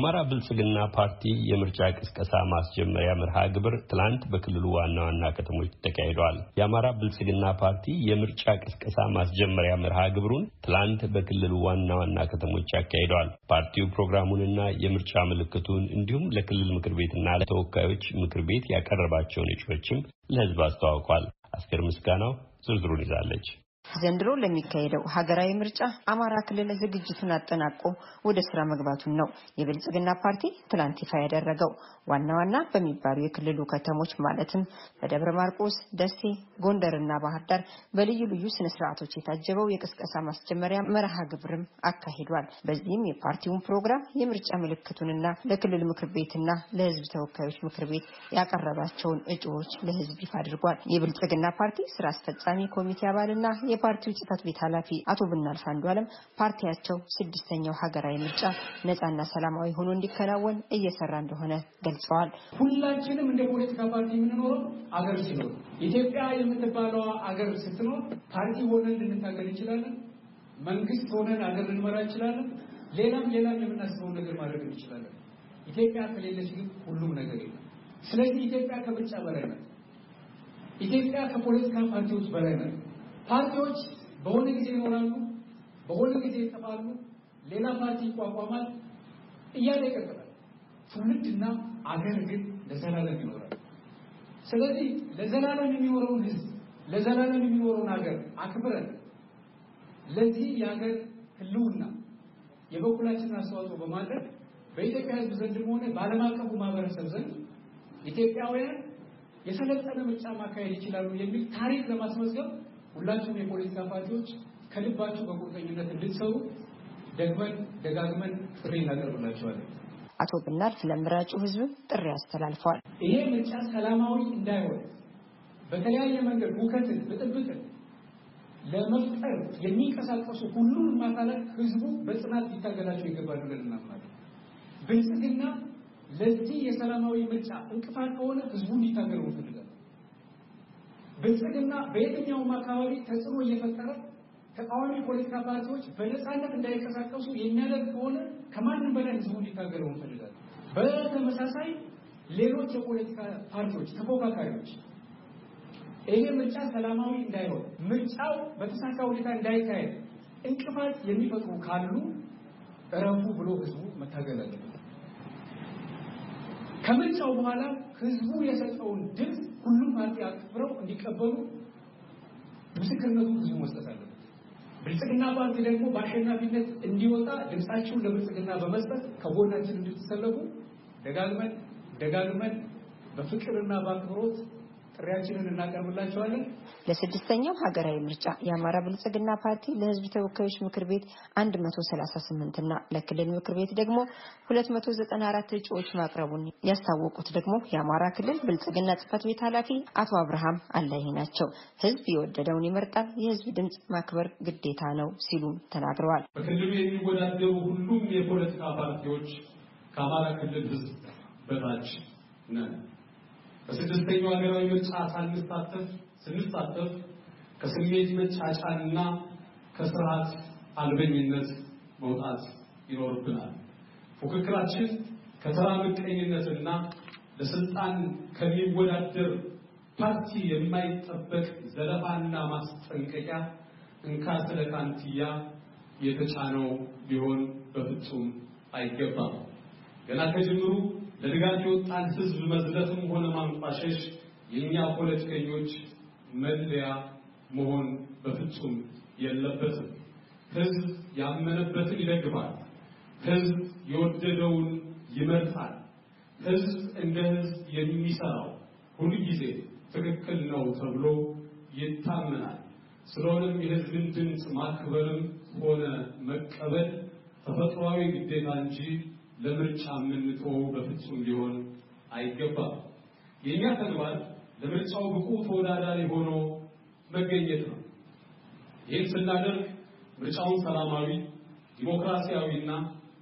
የአማራ ብልጽግና ፓርቲ የምርጫ ቅስቀሳ ማስጀመሪያ መርሃ ግብር ትላንት በክልሉ ዋና ዋና ከተሞች ተካሂዷል። የአማራ ብልጽግና ፓርቲ የምርጫ ቅስቀሳ ማስጀመሪያ መርሃ ግብሩን ትላንት በክልሉ ዋና ዋና ከተሞች አካሂደዋል። ፓርቲው ፕሮግራሙንና የምርጫ ምልክቱን እንዲሁም ለክልል ምክር ቤትና ለተወካዮች ምክር ቤት ያቀረባቸውን እጩዎችም ለሕዝብ አስተዋውቋል። አስቴር ምስጋናው ዝርዝሩን ይዛለች። ዘንድሮ ለሚካሄደው ሀገራዊ ምርጫ አማራ ክልል ዝግጅቱን አጠናቆ ወደ ስራ መግባቱን ነው የብልጽግና ፓርቲ ትላንት ይፋ ያደረገው። ዋና ዋና በሚባሉ የክልሉ ከተሞች ማለትም በደብረ ማርቆስ፣ ደሴ፣ ጎንደርና ባህር ዳር በልዩ ልዩ ስነስርዓቶች የታጀበው የቅስቀሳ ማስጀመሪያ መርሃ ግብርም አካሂዷል። በዚህም የፓርቲውን ፕሮግራም የምርጫ ምልክቱንና ለክልል ምክር ቤትና ለህዝብ ተወካዮች ምክር ቤት ያቀረባቸውን እጩዎች ለህዝብ ይፋ አድርጓል። የብልጽግና ፓርቲ ስራ አስፈጻሚ ኮሚቴ አባልና የፓርቲው ጽህፈት ቤት ኃላፊ አቶ ብናልፍ አለም ፓርቲያቸው ስድስተኛው ሀገራዊ ምርጫ ነጻና ሰላማዊ ሆኖ እንዲከናወን እየሰራ እንደሆነ ገልጸዋል። ሁላችንም እንደ ፖለቲካ ፓርቲ የምንኖረው አገር ሲኖር ኢትዮጵያ የምትባለው አገር ስትኖር ፓርቲ ሆነን ልንታገል እንችላለን። መንግስት ሆነን አገር ልንመራ እንችላለን። ሌላም ሌላም የምናስበው ነገር ማድረግ እንችላለን። ኢትዮጵያ ከሌለች ግን ሁሉም ነገር የለም። ስለዚህ ኢትዮጵያ ከምርጫ በላይ ናት። ኢትዮጵያ ከፖለቲካ ፓርቲዎች በላይ ናት። ፓርቲዎች በሆነ ጊዜ ይኖራሉ፣ በሆነ ጊዜ ይጠፋሉ፣ ሌላ ፓርቲ ይቋቋማል እያለ ይቀጥላል። ትውልድና አገር ግን ለዘላለም ይኖራል። ስለዚህ ለዘላለም የሚኖረውን ህዝብ ለዘላለም የሚኖረውን ሀገር አክብረን ለዚህ የሀገር ህልውና የበኩላችንን አስተዋጽኦ በማድረግ በኢትዮጵያ ህዝብ ዘንድም ሆነ በዓለም አቀፉ ማህበረሰብ ዘንድ ኢትዮጵያውያን የሰለጠነ ምርጫ ማካሄድ ይችላሉ የሚል ታሪክ ለማስመዝገብ ሁላችሁም የፖለቲካ ፓርቲዎች ከልባችሁ በቁርጠኝነት እንድትሰሩ ደግመን ደጋግመን ጥሪ እናቀርብላቸዋለን። አቶ ብናር ለምራጩ ህዝብ ጥሪ አስተላልፈዋል። ይሄ ምርጫ ሰላማዊ እንዳይሆን በተለያየ መንገድ ሁከትን፣ ብጥብጥን ለመፍጠር የሚንቀሳቀሱ ሁሉም ማታላት ህዝቡ በጽናት ሊታገላቸው ይገባል ብለን እናምናለን። ብልጽግና ለዚህ የሰላማዊ ምርጫ እንቅፋት ከሆነ ህዝቡ ሊታገሉ ይፈልጋል። ብልጽግና በየትኛውም አካባቢ ተጽዕኖ እየፈጠረ ተቃዋሚ ፖለቲካ ፓርቲዎች በነፃነት እንዳይንቀሳቀሱ የሚያደርግ ከሆነ ከማንም በላይ ህዝቡ እንዲታገለው እንፈልጋለን። በተመሳሳይ ሌሎች የፖለቲካ ፓርቲዎች ተፎካካሪዎች ይሄ ምርጫ ሰላማዊ እንዳይሆን ምርጫው በተሳካ ሁኔታ እንዳይካሄድ እንቅፋት የሚፈጥሩ ካሉ እረፉ ብሎ ህዝቡ መታገል አለበት። ከምርጫው በኋላ ህዝቡ የሰጠውን ድምፅ ሁሉም ፓርቲ አክብረው እንዲቀበሉ ምስክርነቱ ብዙ መስጠት አለበት። ብልጽግና ፓርቲ ደግሞ በአሸናፊነት እንዲወጣ ድምፃችሁን ለብልጽግና በመስጠት ከጎናችን እንድትሰለፉ ደጋግመን ደጋግመን በፍቅርና በአክብሮት ጥሪያችንን እናቀርብላቸዋለን። ለስድስተኛው ሀገራዊ ምርጫ የአማራ ብልጽግና ፓርቲ ለህዝብ ተወካዮች ምክር ቤት 138 እና ለክልል ምክር ቤት ደግሞ 294 እጩዎች ማቅረቡን ያስታወቁት ደግሞ የአማራ ክልል ብልጽግና ጽህፈት ቤት ኃላፊ አቶ አብርሃም አላይ ናቸው። ህዝብ የወደደውን ይመርጣል፣ የህዝብ ድምፅ ማክበር ግዴታ ነው ሲሉም ተናግረዋል። በክልሉ የሚወዳደሩ ሁሉም የፖለቲካ ፓርቲዎች ከአማራ ክልል ህዝብ በታች ነን በስድስተኛው ሀገራዊ ምርጫ ሳንሳተፍ ስንሳተፍ ከስሜት መጫጫንና ከስርዓት አልበኝነት መውጣት ይኖርብናል። ፉክክራችን ከተራ ምቀኝነትና ለስልጣን ከሚወዳደር ፓርቲ የማይጠበቅ ዘለፋና ማስጠንቀቂያ እንካ ስለ ካንትያ የተጫነው ሊሆን በፍጹም አይገባም። ገና ከጅምሩ ለድጋፍ የወጣን ህዝብ መዝለትም ሆነ ማንቋሸሽ የእኛ ፖለቲከኞች መለያ መሆን በፍጹም የለበትም። ህዝብ ያመነበትን ይደግፋል። ህዝብ የወደደውን ይመርጣል። ህዝብ እንደ ህዝብ የሚሰራው ሁልጊዜ ትክክል ነው ተብሎ ይታመናል። ስለሆነም የህዝብን ድምፅ ማክበርም ሆነ መቀበል ተፈጥሯዊ ግዴታ እንጂ ለምርጫ የምንተወው በፍጹም ሊሆን አይገባም። የእኛ ተግባር ለምርጫው ብቁ ተወዳዳሪ ሆኖ መገኘት ነው። ይህን ስናደርግ ምርጫውን ሰላማዊ፣ ዲሞክራሲያዊና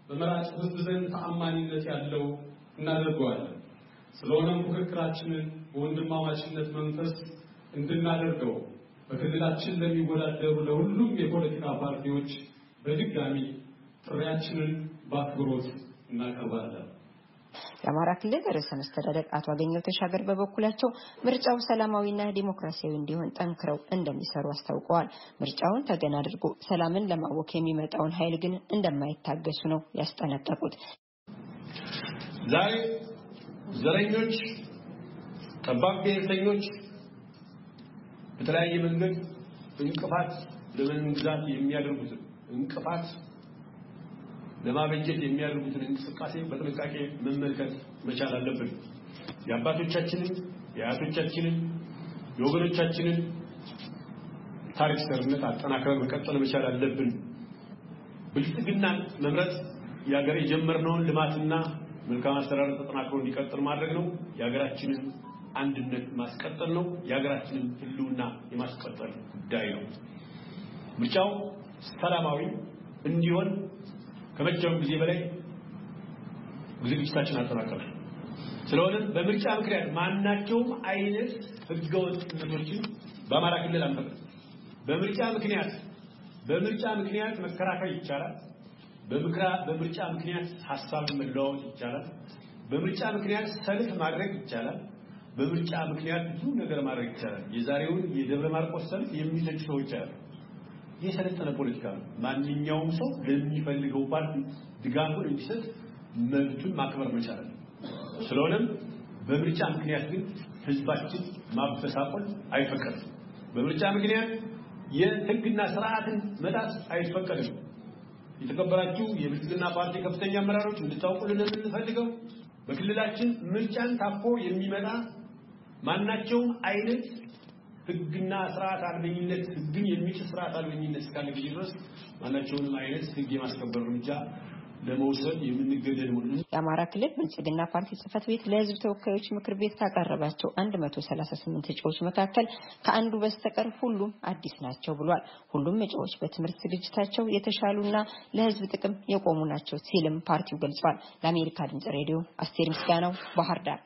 በመራጭ ሕዝብ ዘንድ ተአማኒነት ያለው እናደርገዋለን። ስለሆነም ፉክክራችንን በወንድማማችነት መንፈስ እንድናደርገው በክልላችን ለሚወዳደሩ ለሁሉም የፖለቲካ ፓርቲዎች በድጋሚ ጥሪያችንን በአክብሮት የአማራ ክልል ርዕሰ መስተዳደር አቶ አገኘው ተሻገር በበኩላቸው ምርጫው ሰላማዊና ዲሞክራሲያዊ እንዲሆን ጠንክረው እንደሚሰሩ አስታውቀዋል። ምርጫውን ተገን አድርጎ ሰላምን ለማወክ የሚመጣውን ኃይል ግን እንደማይታገሱ ነው ያስጠነቀቁት። ዛሬ ዘረኞች፣ ጠባብ ብሔርተኞች በተለያየ መንገድ እንቅፋት ለመንግዛት የሚያደርጉትን እንቅፋት ለማበጀት የሚያደርጉትን እንቅስቃሴ በጥንቃቄ መመልከት መቻል አለብን። የአባቶቻችንን፣ የአያቶቻችንን፣ የወገኖቻችንን ታሪክ ሰርነት አጠናክረን መቀጠል መቻል አለብን። ብልጽግና መምረጥ የሀገር የጀመርነውን ልማትና መልካም አስተዳደር ተጠናክሮ እንዲቀጥል ማድረግ ነው። የሀገራችንን አንድነት ማስቀጠል ነው። የሀገራችንን ሕልውና የማስቀጠል ጉዳይ ነው። ምርጫው ሰላማዊ እንዲሆን ከመቼውም ጊዜ በላይ ዝግጅታችን አጠናቀናል። ስለሆነ በምርጫ ምክንያት ማናቸውም አይነት ህገወጥ ነቶችን በአማራ ክልል አንፈቅድም። በምርጫ ምክንያት በምርጫ ምክንያት መከራከር ይቻላል። በምርጫ ምክንያት ሀሳብ መለዋወጥ ይቻላል። በምርጫ ምክንያት ሰልፍ ማድረግ ይቻላል። በምርጫ ምክንያት ብዙ ነገር ማድረግ ይቻላል። የዛሬውን የደብረ ማርቆስ ሰልፍ የሚተቹ ሰዎች አሉ። የሰለጠነ ፖለቲካ ነው። ማንኛውም ሰው ለሚፈልገው ፓርቲ ድጋፉን እንዲሰጥ መብቱን ማክበር መቻል ነው። ስለሆነም በምርጫ ምክንያት ግን ህዝባችን ማበሳቆል አይፈቀድም። በምርጫ ምክንያት የህግና ስርዓትን መጣስ አይፈቀድም። የተከበራችሁ የብልጽግና ፓርቲ ከፍተኛ አመራሮች እንድታውቁልን የምንፈልገው በክልላችን ምርጫን ታፎ የሚመጣ ማናቸውም አይነት ህግና ስርዓት አልበኝነት ህግን የሚጭ ስርዓት አልበኝነት እስካለ ጊዜ ድረስ ማናቸውንም አይነት ህግ የማስከበር እርምጃ ለመውሰድ የምንገደድ ሆነ። የአማራ ክልል ብልጽግና ፓርቲ ጽህፈት ቤት ለህዝብ ተወካዮች ምክር ቤት ካቀረባቸው 138 እጩዎች መካከል ከአንዱ በስተቀር ሁሉም አዲስ ናቸው ብሏል። ሁሉም እጩዎች በትምህርት ዝግጅታቸው የተሻሉና ለህዝብ ጥቅም የቆሙ ናቸው ሲልም ፓርቲው ገልጿል። ለአሜሪካ ድምጽ ሬዲዮ አስቴር ምስጋናው ባህር ዳር